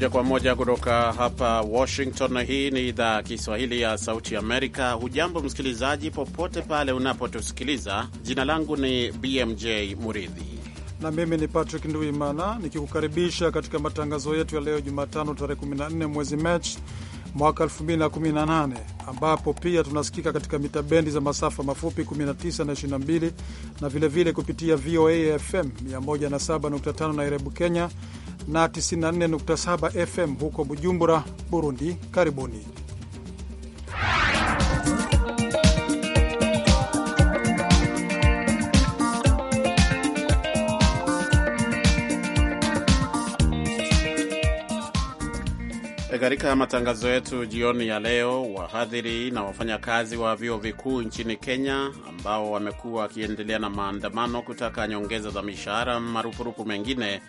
moja kwa moja kutoka hapa Washington. Hii ni idhaa ya Kiswahili ya Sauti Amerika. Hujambo msikilizaji, popote pale unapotusikiliza. Jina langu ni BMJ Muridhi na mimi ni Patrick Nduimana nikikukaribisha katika matangazo yetu ya leo Jumatano tarehe 14 mwezi Machi mwaka 2018 ambapo pia tunasikika katika mita bendi za masafa mafupi 19 na 22 na vilevile kupitia VOA FM 107.5 Nairobi, Kenya na 94.7 FM huko Bujumbura, Burundi. Karibuni. E, katika matangazo yetu jioni ya leo, wahadhiri na wafanyakazi wa vyuo vikuu nchini Kenya ambao wamekuwa wakiendelea na maandamano kutaka nyongeza za mishahara, marupurupu mengine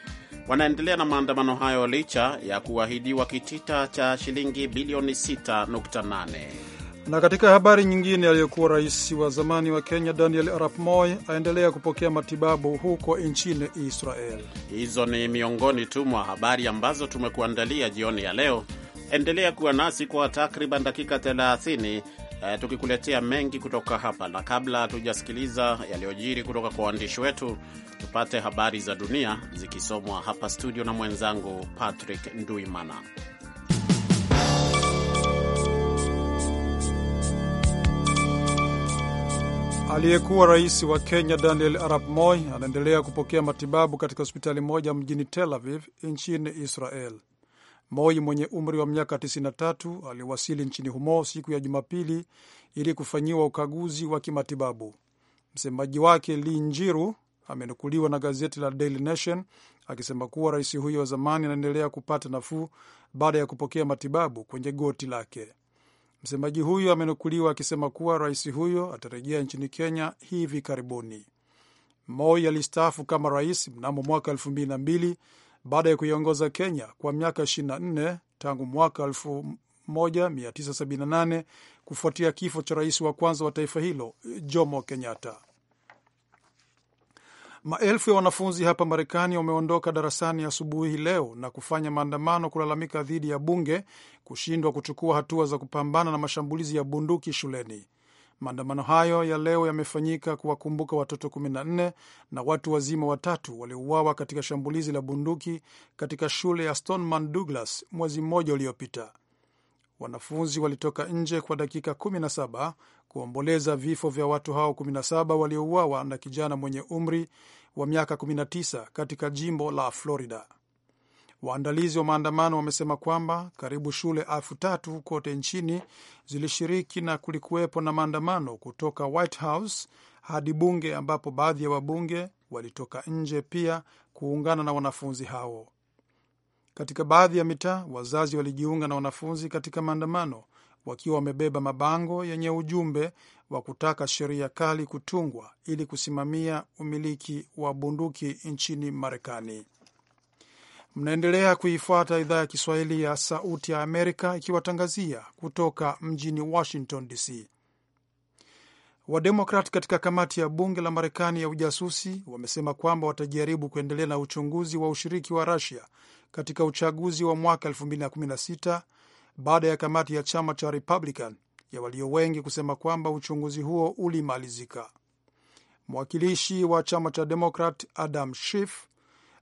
wanaendelea na maandamano hayo licha ya kuahidiwa kitita cha shilingi bilioni 6.8. Na katika habari nyingine, aliyekuwa rais wa zamani wa Kenya Daniel Arap Moi aendelea kupokea matibabu huko nchini Israel. Hizo ni miongoni tu mwa habari ambazo tumekuandalia jioni ya leo. Endelea kuwa nasi kwa takriban dakika 30 eh, tukikuletea mengi kutoka hapa, na kabla tujasikiliza yaliyojiri kutoka kwa waandishi wetu, tupate habari za dunia zikisomwa hapa studio na mwenzangu Patrick Nduimana. Aliyekuwa rais wa Kenya Daniel Arap Moi anaendelea kupokea matibabu katika hospitali moja mjini Tel Aviv nchini Israel. Moi mwenye umri wa miaka 93 aliwasili nchini humo siku ya Jumapili ili kufanyiwa ukaguzi wa kimatibabu. Msemaji wake Li Njiru amenukuliwa na gazeti la Daily Nation akisema kuwa rais huyo wa zamani anaendelea kupata nafuu baada ya kupokea matibabu kwenye goti lake. Msemaji huyo amenukuliwa akisema kuwa rais huyo atarejea nchini Kenya hivi karibuni. Moi alistaafu kama rais mnamo mwaka elfu mbili na mbili baada ya kuiongoza Kenya kwa miaka 24 tangu mwaka 1978 kufuatia kifo cha rais wa kwanza wa taifa hilo Jomo Kenyatta. Maelfu ya wanafunzi hapa Marekani wameondoka darasani asubuhi leo na kufanya maandamano kulalamika dhidi ya bunge kushindwa kuchukua hatua za kupambana na mashambulizi ya bunduki shuleni. Maandamano hayo ya leo yamefanyika kuwakumbuka watoto 14 na watu wazima watatu waliouawa katika shambulizi la bunduki katika shule ya Stoneman Douglas mwezi mmoja uliopita. Wanafunzi walitoka nje kwa dakika 17 kuomboleza vifo vya watu hao 17 waliouawa na kijana mwenye umri wa miaka 19 katika jimbo la Florida. Waandalizi wa maandamano wamesema kwamba karibu shule elfu tatu kote nchini zilishiriki na kulikuwepo na maandamano kutoka White House hadi bunge ambapo baadhi ya wabunge walitoka nje pia kuungana na wanafunzi hao. Katika baadhi ya mitaa, wazazi walijiunga na wanafunzi katika maandamano wakiwa wamebeba mabango yenye ujumbe wa kutaka sheria kali kutungwa ili kusimamia umiliki wa bunduki nchini Marekani. Mnaendelea kuifuata idhaa ya Kiswahili ya Sauti ya Amerika ikiwatangazia kutoka mjini Washington DC. Wademokrat katika kamati ya bunge la Marekani ya ujasusi wamesema kwamba watajaribu kuendelea na uchunguzi wa ushiriki wa Rusia katika uchaguzi wa mwaka 2016 baada ya kamati ya chama cha Republican ya walio wengi kusema kwamba uchunguzi huo ulimalizika. Mwakilishi wa chama cha Demokrat Adam Schiff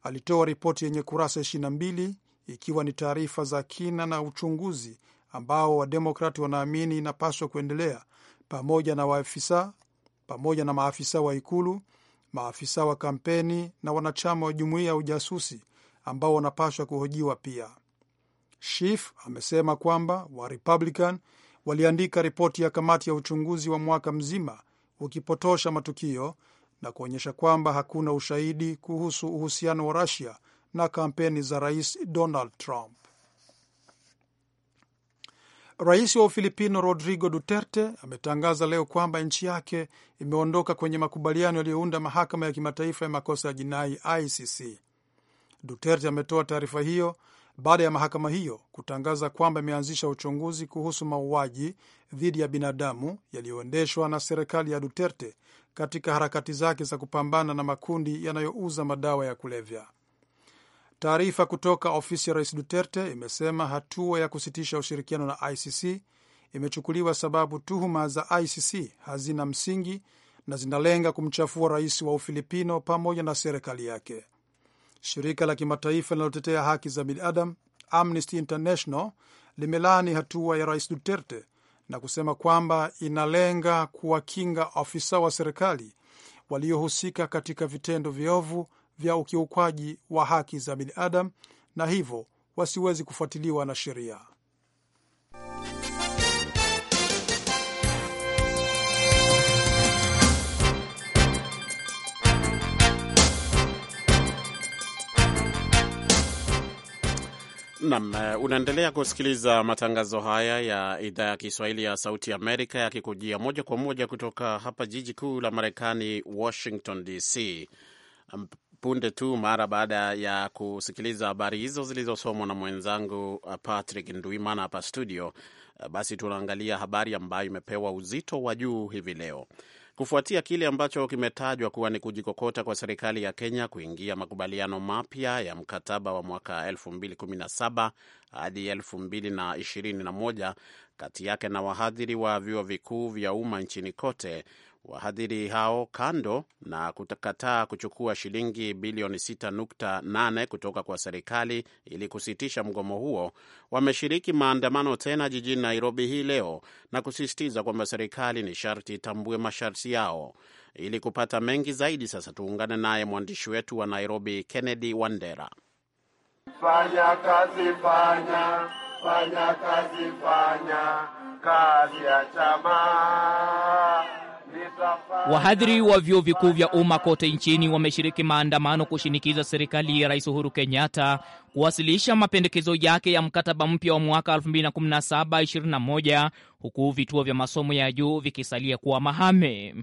alitoa ripoti yenye kurasa 22 ikiwa ni taarifa za kina na uchunguzi ambao wademokrati wanaamini inapaswa kuendelea pamoja na waafisa, pamoja na maafisa wa ikulu, maafisa wa kampeni na wanachama wa jumuiya ya ujasusi ambao wanapaswa kuhojiwa pia. Schiff amesema kwamba Warepublican waliandika ripoti ya kamati ya uchunguzi wa mwaka mzima ukipotosha matukio na kuonyesha kwamba hakuna ushahidi kuhusu uhusiano wa Rusia na kampeni za Rais Donald Trump. Rais wa Ufilipino Rodrigo Duterte ametangaza leo kwamba nchi yake imeondoka kwenye makubaliano yaliyounda mahakama ya kimataifa ya makosa ya jinai ICC. Duterte ametoa taarifa hiyo baada ya mahakama hiyo kutangaza kwamba imeanzisha uchunguzi kuhusu mauaji dhidi ya binadamu yaliyoendeshwa na serikali ya Duterte katika harakati zake za kupambana na makundi yanayouza madawa ya kulevya. Taarifa kutoka ofisi ya Rais Duterte imesema hatua ya kusitisha ushirikiano na ICC imechukuliwa sababu tuhuma za ICC hazina msingi na zinalenga kumchafua rais wa Ufilipino pamoja na serikali yake. Shirika la kimataifa linalotetea haki za binadamu Amnesty International limelaani hatua ya Rais Duterte na kusema kwamba inalenga kuwakinga afisa wa serikali waliohusika katika vitendo viovu vya ukiukwaji wa haki za binadamu na hivyo wasiwezi kufuatiliwa na sheria. Nam, eh, unaendelea kusikiliza matangazo haya ya idhaa ya Kiswahili ya Sauti Amerika yakikujia moja kwa moja kutoka hapa jiji kuu la Marekani, Washington DC, punde tu mara baada ya kusikiliza habari hizo zilizosomwa na mwenzangu eh, Patrick Ndwimana hapa studio. Eh, basi tunaangalia habari ambayo imepewa uzito wa juu hivi leo kufuatia kile ambacho kimetajwa kuwa ni kujikokota kwa serikali ya Kenya kuingia makubaliano mapya ya mkataba wa mwaka hadi elfu mbili na ishirini na moja kati yake na wahadhiri wa vyuo vikuu vya umma nchini kote. Wahadhiri hao kando na kukataa kuchukua shilingi bilioni 6.8 kutoka kwa serikali ili kusitisha mgomo huo, wameshiriki maandamano tena jijini Nairobi hii leo na kusisitiza kwamba serikali ni sharti itambue masharti yao. Ili kupata mengi zaidi, sasa tuungane naye mwandishi wetu wa Nairobi, Kennedy Wandera. Fanya kazi, fanya fanya kazi, fanya kazi ya chama. Wahadhiri wa vyuo vikuu vya umma kote nchini wameshiriki maandamano kushinikiza serikali ya Rais Uhuru Kenyatta kuwasilisha mapendekezo yake ya mkataba mpya wa mwaka 2017-21 huku vituo vya masomo ya juu vikisalia kuwa mahame.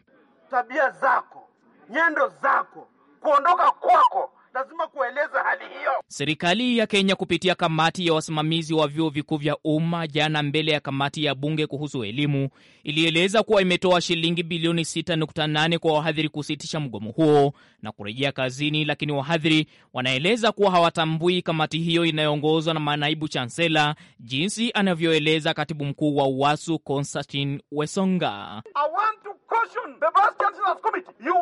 Tabia zako, nyendo zako, kuondoka kwako lazima kueleza hali hiyo. Serikali ya Kenya kupitia kamati ya wasimamizi wa vyuo vikuu vya umma jana, mbele ya kamati ya bunge kuhusu elimu, ilieleza kuwa imetoa shilingi bilioni 6.8 kwa wahadhiri kusitisha mgomo huo na kurejea kazini, lakini wahadhiri wanaeleza kuwa hawatambui kamati hiyo inayoongozwa na manaibu chansela, jinsi anavyoeleza katibu mkuu wa UWASU Constantin Wesonga.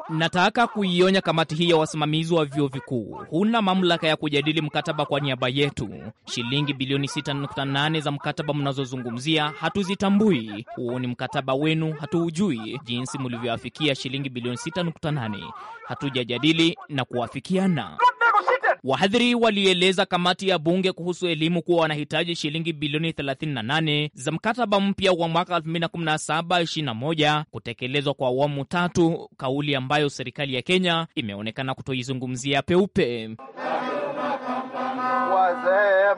Nataka kuionya kamati hii ya wasimamizi wa vyuo vikuu kuu huna mamlaka ya kujadili mkataba kwa niaba yetu. Shilingi bilioni 6.8 za mkataba mnazozungumzia hatuzitambui. huu ni mkataba wenu, hatuujui jinsi mlivyoafikia shilingi bilioni 6.8. Hatujajadili na kuafikiana. Wahadhiri walieleza kamati ya bunge kuhusu elimu kuwa wanahitaji shilingi bilioni 38 za mkataba mpya wa mwaka 2017 kutekelezwa kwa awamu tatu, kauli ambayo serikali ya Kenya imeonekana kutoizungumzia peupe. Wazee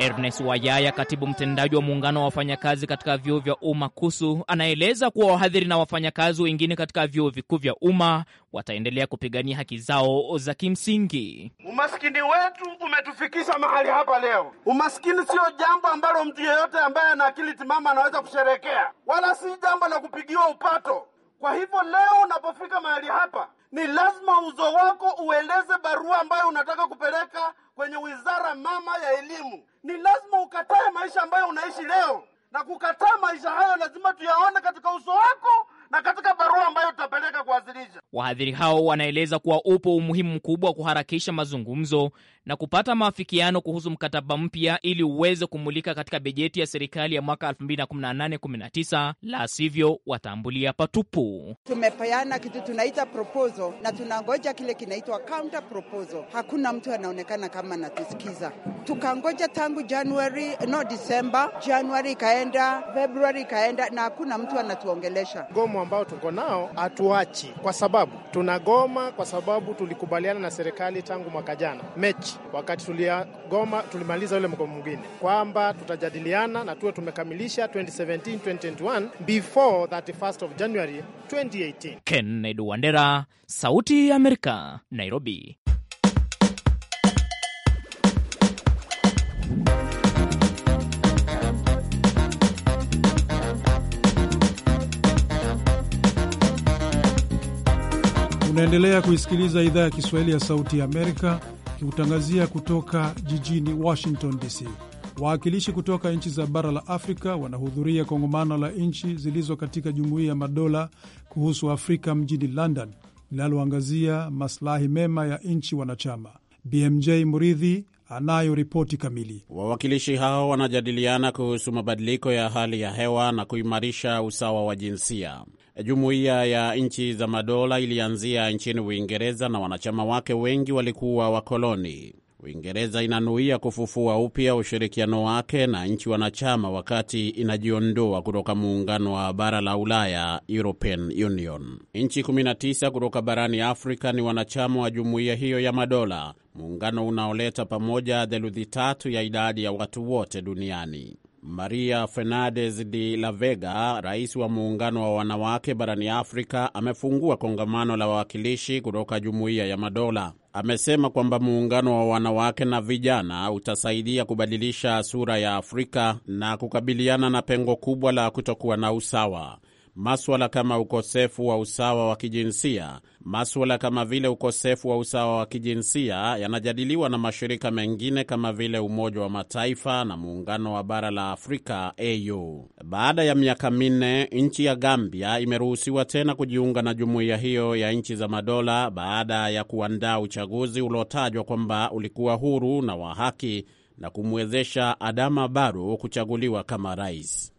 Ernest Wayaya, katibu mtendaji wa muungano wa wafanyakazi katika vyuo vya umma KUSU, anaeleza kuwa wahadhiri na wafanyakazi wengine katika vyuo vikuu vya umma wataendelea kupigania haki zao za kimsingi. Umaskini wetu umetufikisha mahali hapa leo. Umaskini sio jambo ambalo mtu yeyote ambaye ana akili timama anaweza kusherekea, wala si jambo la kupigiwa upato. Kwa hivyo leo unapofika mahali hapa ni lazima uzo wako ueleze barua ambayo unataka kupeleka kwenye wizara mama ya elimu. Ni lazima ukatae maisha ambayo unaishi leo, na kukataa maisha hayo lazima tuyaone katika uso wako na katika barua ambayo tutapeleka kuwasilisha. Wahadhiri hao wanaeleza kuwa upo umuhimu mkubwa wa kuharakisha mazungumzo na kupata maafikiano kuhusu mkataba mpya ili uweze kumulika katika bejeti ya serikali ya mwaka 2018/19, la sivyo watambulia patupu. Tumepeana kitu tunaita proposal na tunangoja kile kinaitwa counter proposal. Hakuna mtu anaonekana kama anatusikiza. Tukangoja tangu Januari, no Disemba, Januari ikaenda, Februari ikaenda, na hakuna mtu anatuongelesha. Mgomo ambao tuko nao hatuachi, kwa sababu tunagoma, kwa sababu tulikubaliana na serikali tangu mwaka jana mechi wakati tuligoma, tulimaliza yule mgomo mwingine kwamba tutajadiliana na tuwe tumekamilisha 2017 2021 before 31st of January 2018. Kennedy Wandera, Sauti ya Amerika, Nairobi. Unaendelea kuisikiliza idhaa ya Kiswahili ya Sauti ya Amerika tukikutangazia kutoka jijini Washington DC. Wawakilishi kutoka nchi za bara la Afrika wanahudhuria kongamano la nchi zilizo katika Jumuiya ya Madola kuhusu Afrika mjini London, linaloangazia maslahi mema ya nchi wanachama. BMJ Muridhi anayo ripoti kamili. Wawakilishi hao wanajadiliana kuhusu mabadiliko ya hali ya hewa na kuimarisha usawa wa jinsia. Jumuiya ya nchi za madola ilianzia nchini Uingereza na wanachama wake wengi walikuwa wakoloni. Uingereza inanuia kufufua upya ushirikiano wake na nchi wanachama wakati inajiondoa kutoka muungano wa bara la Ulaya, European Union. Nchi 19 kutoka barani Afrika ni wanachama wa jumuiya hiyo ya madola, muungano unaoleta pamoja theluthi tatu ya idadi ya watu wote duniani. Maria fernandes de la Vega, rais wa muungano wa wanawake barani Afrika, amefungua kongamano la wawakilishi kutoka jumuiya ya madola. Amesema kwamba muungano wa wanawake na vijana utasaidia kubadilisha sura ya Afrika na kukabiliana na pengo kubwa la kutokuwa na usawa maswala kama ukosefu wa usawa wa kijinsia. Maswala kama vile ukosefu wa usawa wa kijinsia yanajadiliwa na mashirika mengine kama vile Umoja wa Mataifa na Muungano wa Bara la Afrika AU. Baada ya miaka minne, nchi ya Gambia imeruhusiwa tena kujiunga na jumuiya hiyo ya nchi za madola baada ya kuandaa uchaguzi uliotajwa kwamba ulikuwa huru na wa haki na kumwezesha Adama Barrow kuchaguliwa kama rais.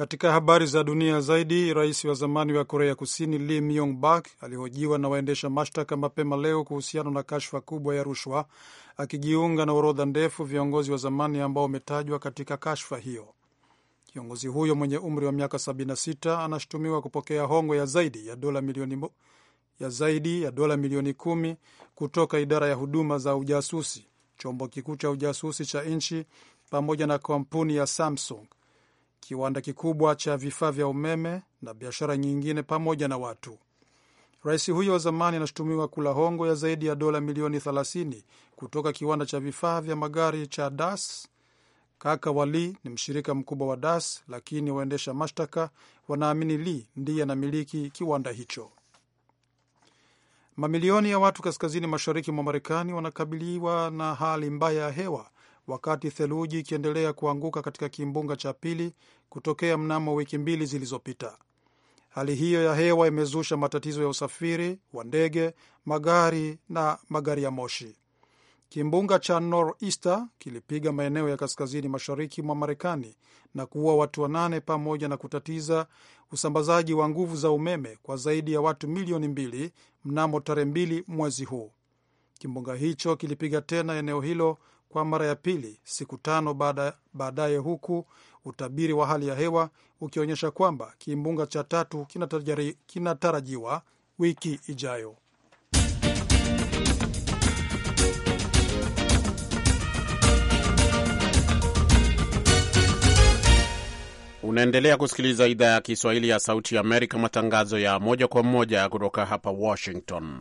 Katika habari za dunia zaidi, rais wa zamani wa Korea Kusini Lee Myong Bak alihojiwa na waendesha mashtaka mapema leo kuhusiana na kashfa kubwa ya rushwa, akijiunga na orodha ndefu viongozi wa zamani ambao wametajwa katika kashfa hiyo. Kiongozi huyo mwenye umri wa miaka 76 anashutumiwa kupokea hongo ya zaidi ya dola milioni ya zaidi ya dola milioni kumi kutoka idara ya huduma za ujasusi, chombo kikuu cha ujasusi cha nchi, pamoja na kampuni ya Samsung kiwanda kikubwa cha vifaa vya umeme na biashara nyingine pamoja na watu. Rais huyo wa zamani anashutumiwa kula hongo ya zaidi ya dola milioni 30 kutoka kiwanda cha vifaa vya magari cha Das. Kaka wa Li ni mshirika mkubwa wa Das, lakini waendesha mashtaka wanaamini Li ndiye anamiliki kiwanda hicho. Mamilioni ya watu kaskazini mashariki mwa Marekani wanakabiliwa na hali mbaya ya hewa wakati theluji ikiendelea kuanguka katika kimbunga cha pili kutokea mnamo wiki mbili zilizopita. Hali hiyo ya hewa imezusha matatizo ya usafiri wa ndege, magari na magari ya moshi. Kimbunga cha Nor'easter kilipiga maeneo ya kaskazini mashariki mwa Marekani na kuua watu wanane pamoja na kutatiza usambazaji wa nguvu za umeme kwa zaidi ya watu milioni mbili mnamo tarehe mbili mwezi huu. Kimbunga hicho kilipiga tena eneo hilo kwa mara ya pili siku tano baadaye, huku utabiri wa hali ya hewa ukionyesha kwamba kimbunga cha tatu kinatarajiwa wiki ijayo. Unaendelea kusikiliza idhaa ya Kiswahili ya Sauti ya Amerika, matangazo ya moja kwa moja kutoka hapa Washington.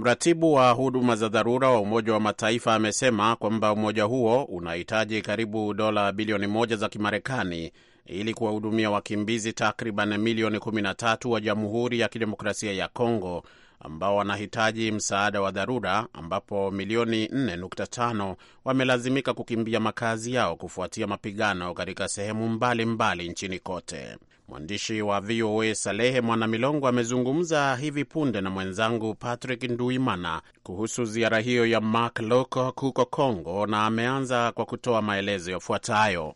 Mratibu wa huduma za dharura wa Umoja wa Mataifa amesema kwamba umoja huo unahitaji karibu dola bilioni moja za Kimarekani ili kuwahudumia wakimbizi takriban milioni 13 wa Jamhuri ya Kidemokrasia ya Kongo ambao wanahitaji msaada wa dharura, ambapo milioni 4.5 wamelazimika kukimbia makazi yao kufuatia mapigano katika sehemu mbalimbali mbali nchini kote. Mwandishi wa VOA Salehe Mwanamilongo amezungumza hivi punde na mwenzangu Patrick Nduimana kuhusu ziara hiyo ya Mark Lowcock huko congo na ameanza kwa kutoa maelezo yafuatayo.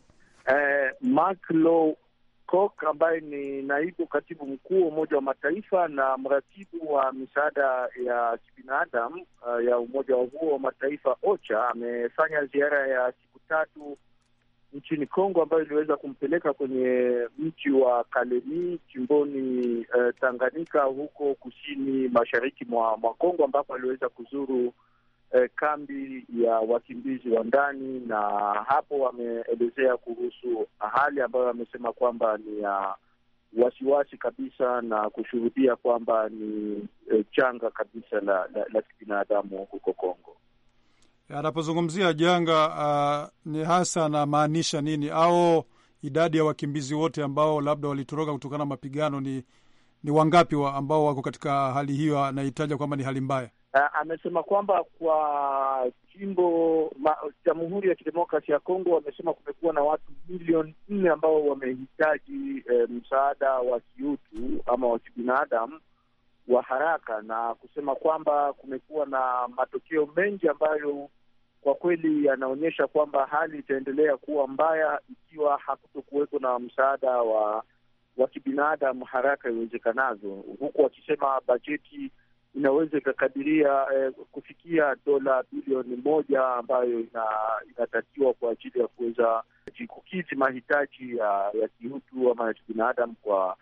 Mark Lowcock ambaye ni naibu katibu mkuu wa Umoja wa Mataifa na mratibu wa misaada ya kibinadamu uh, ya umoja huo wa Mataifa OCHA amefanya ziara ya siku tatu nchini Kongo ambayo iliweza kumpeleka kwenye mji wa Kalemi jimboni uh, Tanganyika huko kusini mashariki mwa, mwa Kongo ambapo aliweza kuzuru eh, kambi ya wakimbizi wa ndani, na hapo wameelezea kuhusu hali ambayo wamesema kwamba ni ya wasiwasi kabisa na kushuhudia kwamba ni eh, janga kabisa la, la, la kibinadamu huko Kongo. Anapozungumzia janga uh, ni hasa anamaanisha nini, au idadi ya wakimbizi wote ambao labda walitoroka kutokana na mapigano ni ni wangapi wa ambao wako katika hali hiyo anahitaja kwamba ni hali mbaya? uh, amesema kwamba kwa jimbo Jamhuri ya kidemokrasi ya Kongo wamesema kumekuwa na watu milioni nne ambao wamehitaji eh, msaada wa kiutu ama wa kibinadamu wa haraka, na kusema kwamba kumekuwa na matokeo mengi ambayo kwa kweli yanaonyesha kwamba hali itaendelea kuwa mbaya ikiwa hakuto kuweko na msaada wa wa kibinadamu haraka iwezekanavyo, huku wakisema bajeti inaweza ikakadiria eh, kufikia dola bilioni moja ambayo ina, inatakiwa kwa ajili ya kuweza kukizi mahitaji ya, ya kiutu ama ya kibinadamu kwa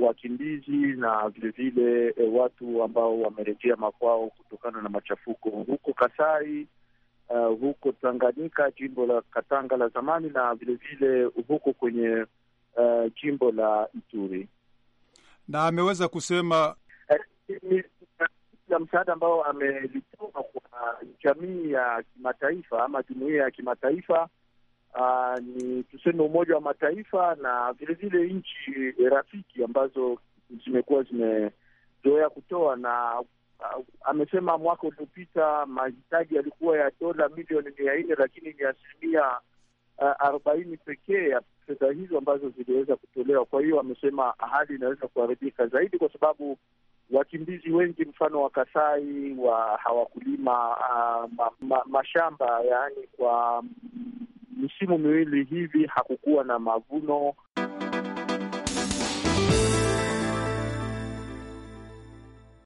wakimbizi na vilevile eh, watu ambao wamerejea makwao kutokana na machafuko huko Kasai, uh, huko Tanganyika, jimbo la Katanga la zamani, na vilevile huko kwenye uh, jimbo la Ituri, na ameweza kusema eh, la msaada ambao amelitoa kwa jamii ya kimataifa ama jumuia ya kimataifa uh, ni tuseme Umoja wa Mataifa na vilevile nchi rafiki ambazo zimekuwa zimezoea kutoa na uh, amesema mwaka uliopita mahitaji yalikuwa ya dola milioni mia nne lakini ni asilimia ah, arobaini pekee ya fedha hizo ambazo ziliweza kutolewa. Kwa hiyo amesema hali inaweza kuharibika zaidi kwa sababu wakimbizi wengi mfano wa Kasai wa hawakulima uh, ma, ma, mashamba yaani kwa misimu miwili hivi hakukuwa na mavuno.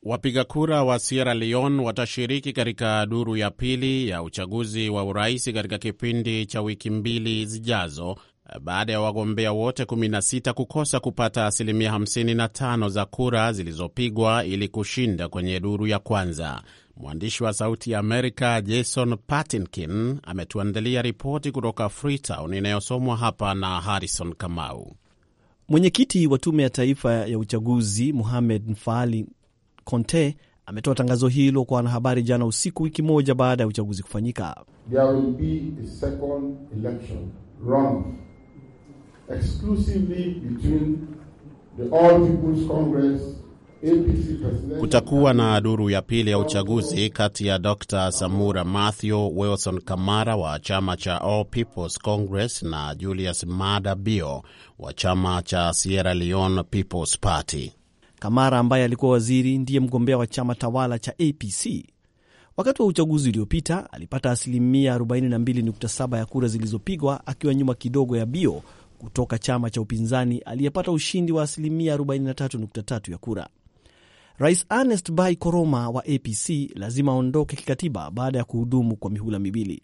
Wapiga kura wa Sierra Leone watashiriki katika duru ya pili ya uchaguzi wa urais katika kipindi cha wiki mbili zijazo, baada ya wagombea wote 16 kukosa kupata asilimia 55 za kura zilizopigwa ili kushinda kwenye duru ya kwanza. Mwandishi wa Sauti ya Amerika Jason Patinkin ametuandalia ripoti kutoka Freetown inayosomwa hapa na Harrison Kamau. Mwenyekiti wa Tume ya Taifa ya Uchaguzi muhamed Mfaali Conte ametoa tangazo hilo kwa wanahabari jana usiku, wiki moja baada ya uchaguzi kufanyika. There will be a second election exclusively between the All People's Congress Kutakuwa na duru ya pili ya uchaguzi kati ya Dr Samura matthew Wilson Kamara wa chama cha All Peoples Congress na Julius mada Bio wa chama cha Sierra Leone Peoples Party. Kamara ambaye alikuwa waziri ndiye mgombea wa chama tawala cha APC. Wakati wa uchaguzi uliopita alipata asilimia 42.7 ya kura zilizopigwa akiwa nyuma kidogo ya Bio kutoka chama cha upinzani aliyepata ushindi wa asilimia 43.3 ya kura. Rais Ernest Bai Koroma wa APC lazima aondoke kikatiba baada ya kuhudumu kwa mihula miwili.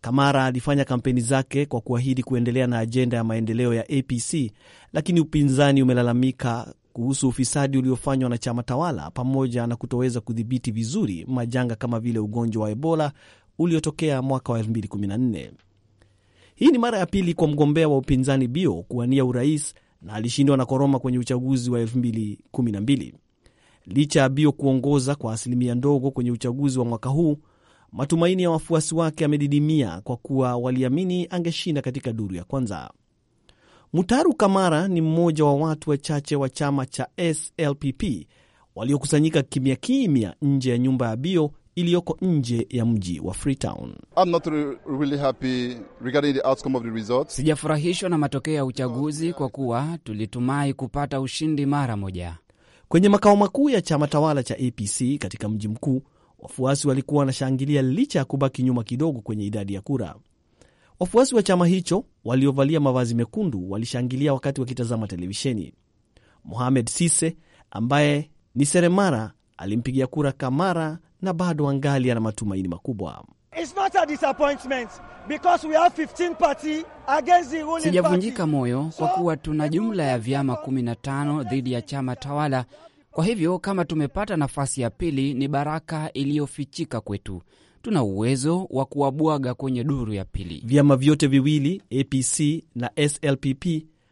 Kamara alifanya kampeni zake kwa kuahidi kuendelea na ajenda ya maendeleo ya APC, lakini upinzani umelalamika kuhusu ufisadi uliofanywa na chama tawala pamoja na kutoweza kudhibiti vizuri majanga kama vile ugonjwa wa Ebola uliotokea mwaka wa 2014. Hii ni mara ya pili kwa mgombea wa upinzani Bio kuwania urais na alishindwa na Koroma kwenye uchaguzi wa 2012. Licha ya Bio kuongoza kwa asilimia ndogo kwenye uchaguzi wa mwaka huu, matumaini ya wafuasi wake yamedidimia kwa kuwa waliamini angeshinda katika duru ya kwanza. Mutaru Kamara ni mmoja wa watu wachache wa chama cha SLPP waliokusanyika kimya kimya nje ya nyumba ya Bio iliyoko nje ya mji wa Freetown. Really sijafurahishwa na matokeo ya uchaguzi kwa kuwa tulitumai kupata ushindi mara moja. Kwenye makao makuu ya chama tawala cha APC katika mji mkuu, wafuasi walikuwa wanashangilia licha ya kubaki nyuma kidogo kwenye idadi ya kura. Wafuasi wa chama hicho waliovalia mavazi mekundu walishangilia wakati wakitazama televisheni. Mohamed Sise ambaye ni seremara alimpigia kura Kamara na bado angali ana matumaini makubwa. Sijavunjika moyo kwa kuwa tuna jumla ya vyama 15 dhidi ya chama tawala. Kwa hivyo kama tumepata nafasi ya pili, ni baraka iliyofichika kwetu. Tuna uwezo wa kuwabwaga kwenye duru ya pili. Vyama vyote viwili APC na SLPP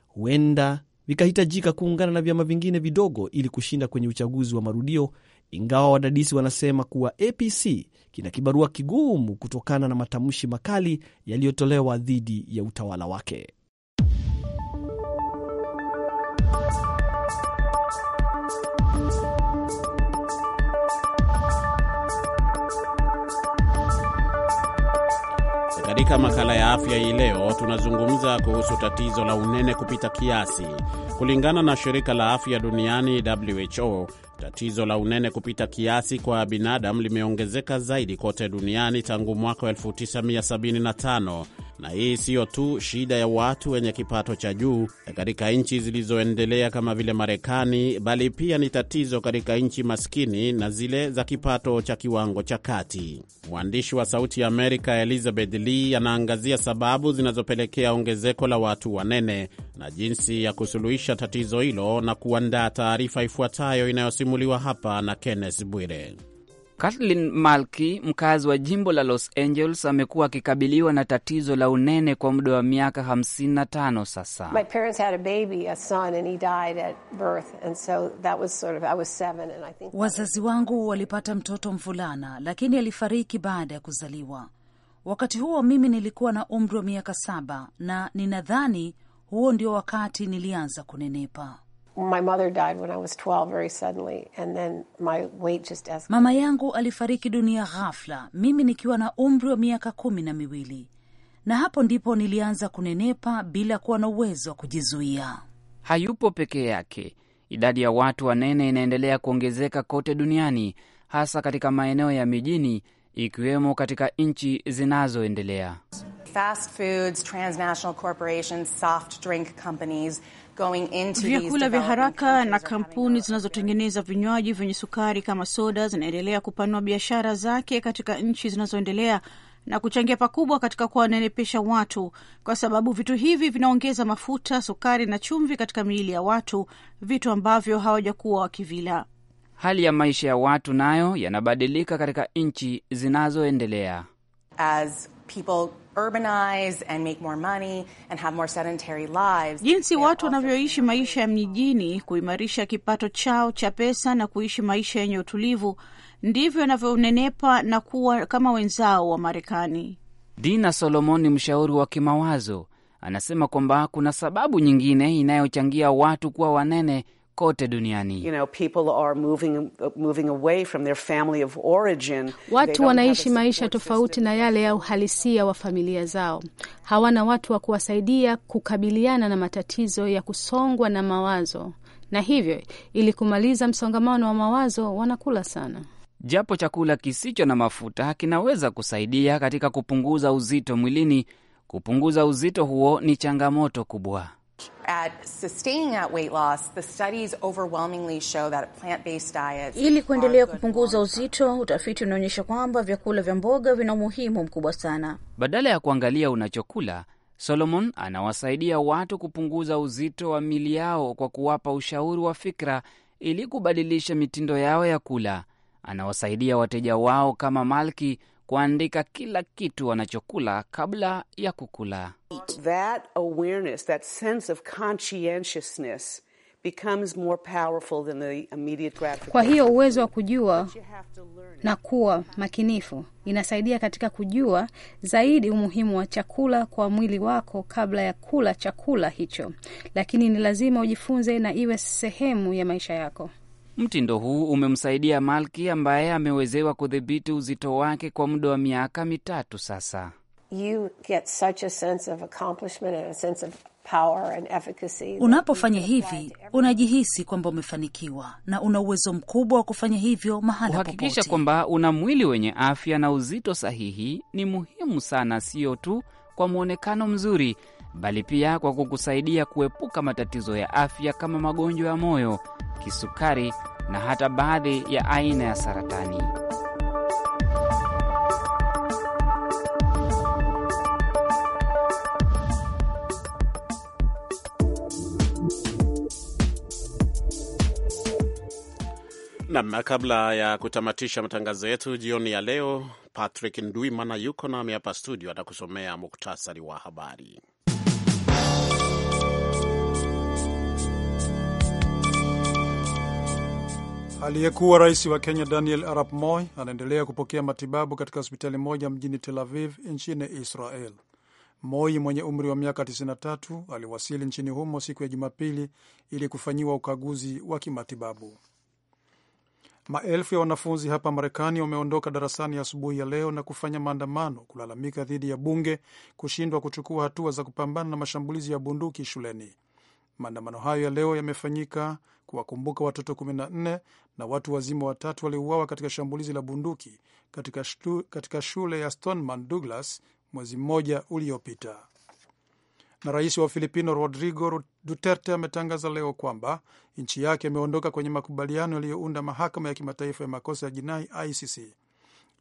huenda vikahitajika kuungana na vyama vingine vidogo ili kushinda kwenye uchaguzi wa marudio ingawa wadadisi wanasema kuwa APC kina kibarua kigumu kutokana na matamshi makali yaliyotolewa dhidi ya utawala wake. katika makala ya afya hii leo tunazungumza kuhusu tatizo la unene kupita kiasi. Kulingana na shirika la afya duniani WHO, tatizo la unene kupita kiasi kwa binadamu limeongezeka zaidi kote duniani tangu mwaka 1975 na hii siyo tu shida ya watu wenye kipato cha juu katika nchi zilizoendelea kama vile Marekani, bali pia ni tatizo katika nchi maskini na zile za kipato cha kiwango cha kati. Mwandishi wa Sauti ya Amerika Elizabeth Lee anaangazia sababu zinazopelekea ongezeko la watu wanene na jinsi ya kusuluhisha tatizo hilo na kuandaa taarifa ifuatayo inayosimuliwa hapa na Kenneth Bwire. Kathleen Malki, mkazi wa jimbo la Los Angeles, amekuwa akikabiliwa na tatizo la unene kwa muda wa miaka 55 sasa. Wazazi wangu walipata mtoto mvulana, lakini alifariki baada ya kuzaliwa. Wakati huo mimi nilikuwa na umri wa miaka saba, na ninadhani huo ndio wakati nilianza kunenepa. My mother died when I was 12 very suddenly and then my weight just escalated. Mama yangu alifariki dunia ghafla mimi nikiwa na umri wa miaka kumi na miwili, na hapo ndipo nilianza kunenepa bila kuwa na uwezo wa kujizuia. Hayupo pekee yake. Idadi ya watu wanene inaendelea kuongezeka kote duniani, hasa katika maeneo ya mijini, ikiwemo katika nchi zinazoendelea. Fast foods, transnational corporations, soft drink companies Vyakula vya haraka na kampuni zinazotengeneza vinywaji vyenye sukari kama soda zinaendelea kupanua biashara zake katika nchi zinazoendelea na kuchangia pakubwa katika kuwanenepesha watu, kwa sababu vitu hivi vinaongeza mafuta, sukari na chumvi katika miili ya watu, vitu ambavyo hawajakuwa wakivila. Hali ya maisha ya watu nayo yanabadilika katika nchi zinazoendelea. As people urbanize and make more money and have more sedentary lives. Jinsi watu wanavyoishi maisha ya mjini, kuimarisha kipato chao cha pesa na kuishi maisha yenye utulivu, ndivyo wanavyonenepa na kuwa kama wenzao wa Marekani. Dina Solomon ni mshauri wa kimawazo, anasema kwamba kuna sababu nyingine inayochangia watu kuwa wanene kote duniani. Watu wanaishi maisha tofauti na yale ya uhalisia wa familia zao. Hawana watu wa kuwasaidia kukabiliana na matatizo ya kusongwa na mawazo, na hivyo ili kumaliza msongamano wa mawazo wanakula sana. Japo chakula kisicho na mafuta kinaweza kusaidia katika kupunguza uzito mwilini, kupunguza uzito huo ni changamoto kubwa. Ili kuendelea kupunguza uzito, utafiti unaonyesha kwamba vyakula vya mboga vina umuhimu mkubwa sana. Badala ya kuangalia unachokula, Solomon anawasaidia watu kupunguza uzito wa mili yao kwa kuwapa ushauri wa fikra ili kubadilisha mitindo yao ya kula. Anawasaidia wateja wao kama Malki kuandika kila kitu wanachokula kabla ya kukula. That awareness, that sense of conscientiousness becomes more powerful than the immediate gratification. Kwa hiyo uwezo wa kujua na kuwa makinifu inasaidia katika kujua zaidi umuhimu wa chakula kwa mwili wako kabla ya kula chakula hicho, lakini ni lazima ujifunze na iwe sehemu ya maisha yako. Mtindo huu umemsaidia Malki ambaye amewezewa kudhibiti uzito wake kwa muda wa miaka mitatu sasa. Unapofanya hivi unajihisi kwamba umefanikiwa na una uwezo mkubwa wa kufanya hivyo mahala popote. Kuhakikisha kwamba una mwili wenye afya na uzito sahihi ni muhimu sana, sio tu kwa mwonekano mzuri, bali pia kwa kukusaidia kuepuka matatizo ya afya kama magonjwa ya moyo kisukari na hata baadhi ya aina ya saratani. Nam, kabla ya kutamatisha matangazo yetu jioni ya leo, Patrick Ndwimana yuko nami hapa studio, atakusomea muktasari wa habari. Aliyekuwa rais wa Kenya Daniel Arap Moi anaendelea kupokea matibabu katika hospitali moja mjini Tel Aviv nchini Israel. Moi mwenye umri wa miaka 93 aliwasili nchini humo siku ya Jumapili ili kufanyiwa ukaguzi wa kimatibabu. Maelfu ya wanafunzi hapa Marekani wameondoka darasani asubuhi ya, ya leo na kufanya maandamano kulalamika dhidi ya bunge kushindwa kuchukua hatua za kupambana na mashambulizi ya bunduki shuleni. Maandamano hayo ya leo yamefanyika kuwakumbuka watoto 14 na watu wazima watatu waliuawa katika shambulizi la bunduki katika, shtu, katika shule ya Stoneman Douglas mwezi mmoja uliopita. Na rais wa Filipino Rodrigo Duterte ametangaza leo kwamba nchi yake imeondoka kwenye makubaliano yaliyounda mahakama ya kimataifa ya makosa ya jinai ICC.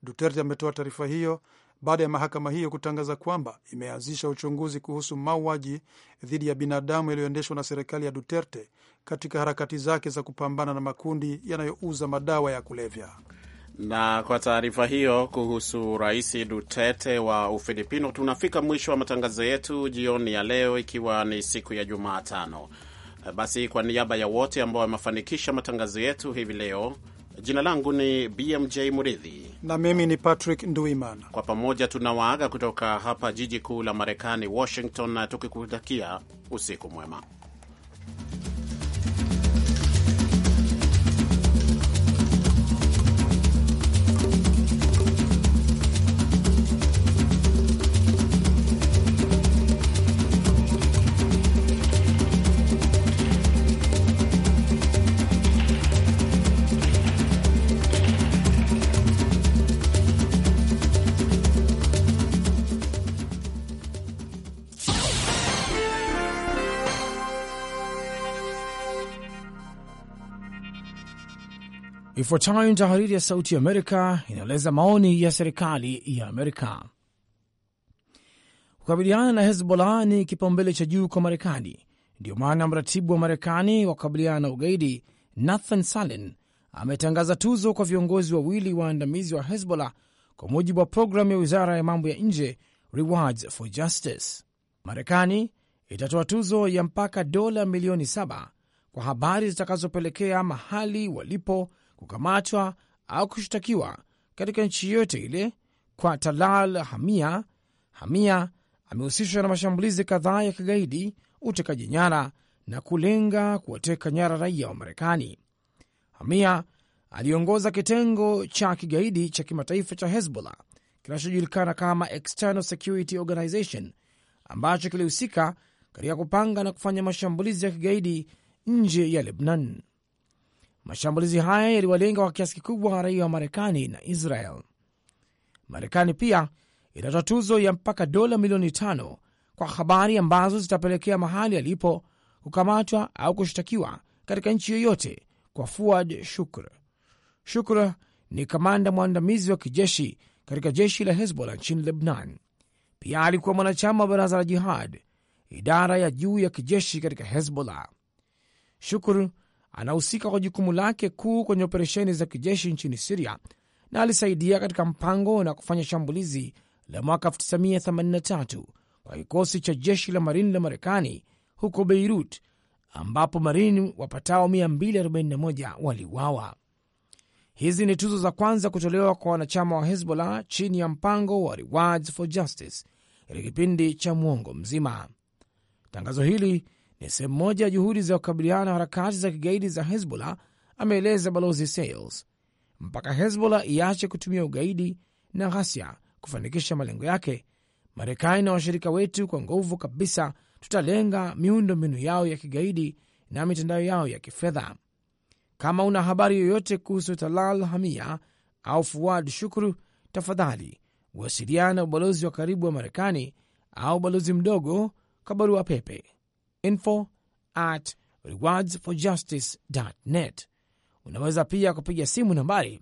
Duterte ametoa taarifa hiyo baada ya mahakama hiyo kutangaza kwamba imeanzisha uchunguzi kuhusu mauaji dhidi ya binadamu yaliyoendeshwa na serikali ya Duterte katika harakati zake za kupambana na makundi yanayouza madawa ya kulevya. Na kwa taarifa hiyo kuhusu Rais Duterte wa Ufilipino, tunafika mwisho wa matangazo yetu jioni ya leo, ikiwa ni siku ya Jumatano. Basi, kwa niaba ya wote ambao wamefanikisha matangazo yetu hivi leo, jina langu ni BMJ Muridhi na mimi ni Patrick Nduiman. Kwa pamoja tunawaaga kutoka hapa jiji kuu la Marekani, Washington, na tukikutakia usiku mwema. Ifuatayo ni tahariri ya Sauti ya Amerika inaeleza maoni ya serikali ya Amerika. Kukabiliana na Hezbollah ni kipaumbele cha juu kwa Marekani. Ndiyo maana mratibu wa Marekani wa kukabiliana na ugaidi Nathan Salen ametangaza tuzo kwa viongozi wawili waandamizi wa, wa Hezbollah kwa mujibu wa programu ya wizara ya mambo ya nje Rewards for Justice. Marekani itatoa tuzo ya mpaka dola milioni saba kwa habari zitakazopelekea mahali walipo kukamatwa au kushtakiwa katika nchi yoyote ile kwa Talal Hamia. Hamia amehusishwa na mashambulizi kadhaa ya kigaidi, utekaji nyara na kulenga kuwateka nyara raia wa Marekani. Hamia aliongoza kitengo cha kigaidi cha kimataifa cha Hezbollah kinachojulikana kama External Security Organization ambacho kilihusika katika kupanga na kufanya mashambulizi ya kigaidi nje ya Lebnan. Mashambulizi haya yaliwalenga kwa kiasi kikubwa raia wa Marekani na Israel. Marekani pia itatoa tuzo ya mpaka dola milioni tano kwa habari ambazo zitapelekea mahali alipo kukamatwa au kushtakiwa katika nchi yoyote kwa Fuad Shukr. Shukr ni kamanda mwandamizi wa kijeshi katika jeshi la Hezbollah nchini Lebnan. Pia alikuwa mwanachama wa baraza la Jihad, idara ya juu ya kijeshi katika Hezbollah. Shukr anahusika kwa jukumu lake kuu kwenye operesheni za kijeshi nchini Siria na alisaidia katika mpango na kufanya shambulizi la mwaka 1983 kwa kikosi cha jeshi la marini la Marekani huko Beirut, ambapo marini wapatao 241 waliuawa. Hizi ni tuzo za kwanza kutolewa kwa wanachama wa Hezbollah chini ya mpango wa Rewards for Justice katika kipindi cha mwongo mzima. Tangazo hili ni sehemu moja ya juhudi za kukabiliana na harakati za kigaidi za Hezbollah, ameeleza balozi Sales. Mpaka Hezbollah iache kutumia ugaidi na ghasia kufanikisha malengo yake, Marekani na washirika wetu kwa nguvu kabisa tutalenga miundo mbinu yao ya kigaidi na mitandao yao ya kifedha. Kama una habari yoyote kuhusu Talal Hamia au Fuad Shukru, tafadhali wasiliana na ubalozi wa karibu wa Marekani au balozi mdogo kwa barua pepe info at rewardsforjustice.net. Unaweza pia kupiga simu nambari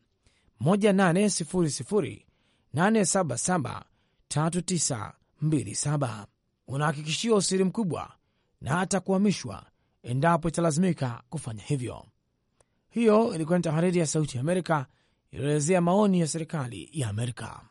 18008773927. Unahakikishiwa usiri mkubwa na hata kuhamishwa endapo italazimika kufanya hivyo. Hiyo ilikuwa ni tahariri ya Sauti ya Amerika iliyoelezea maoni ya serikali ya Amerika.